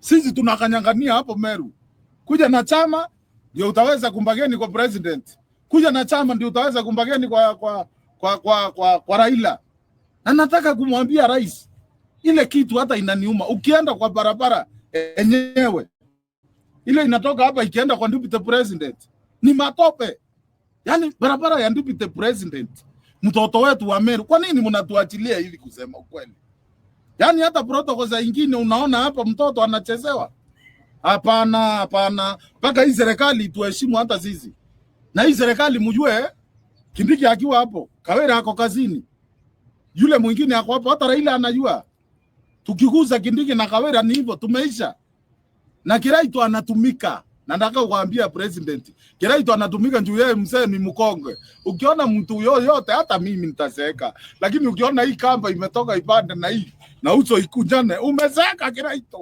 Sisi tunakanyangania hapo Meru. Kuja na chama ndio utaweza kumbageni kwa president, kuja na chama ndio utaweza kumbageni kwa, kwa, kwa, kwa, kwa, kwa Raila. Na nataka kumwambia rais ile kitu hata inaniuma. Ukienda kwa barabara e, enyewe ile inatoka hapa ikienda kwa deputy president ni matope, yaani barabara ya deputy president. Mtoto wetu wa Meru, kwa nini mnatuachilia hivi? Kusema ukweli Yaani hata protocol za ingine unaona hapa mtoto anachezewa. Hapana, hapana. Paka hii serikali tuheshimu hata sisi. Na hii serikali mjue Kindiki akiwa hapo, Kawere ako kazini. Yule mwingine ako hapo, hata Raila anajua. Tukiguza Kindiki na Kawere ni hivyo, tumeisha. Na Kiraito anatumika. Na nataka kuambia president, Kiraito anatumika juu yeye mzee ni mkongwe. Ukiona mtu yoyote hata mimi nitaseka. Lakini ukiona hii kamba imetoka ipande na hii na uso ikunjane, umezeka kila kitu.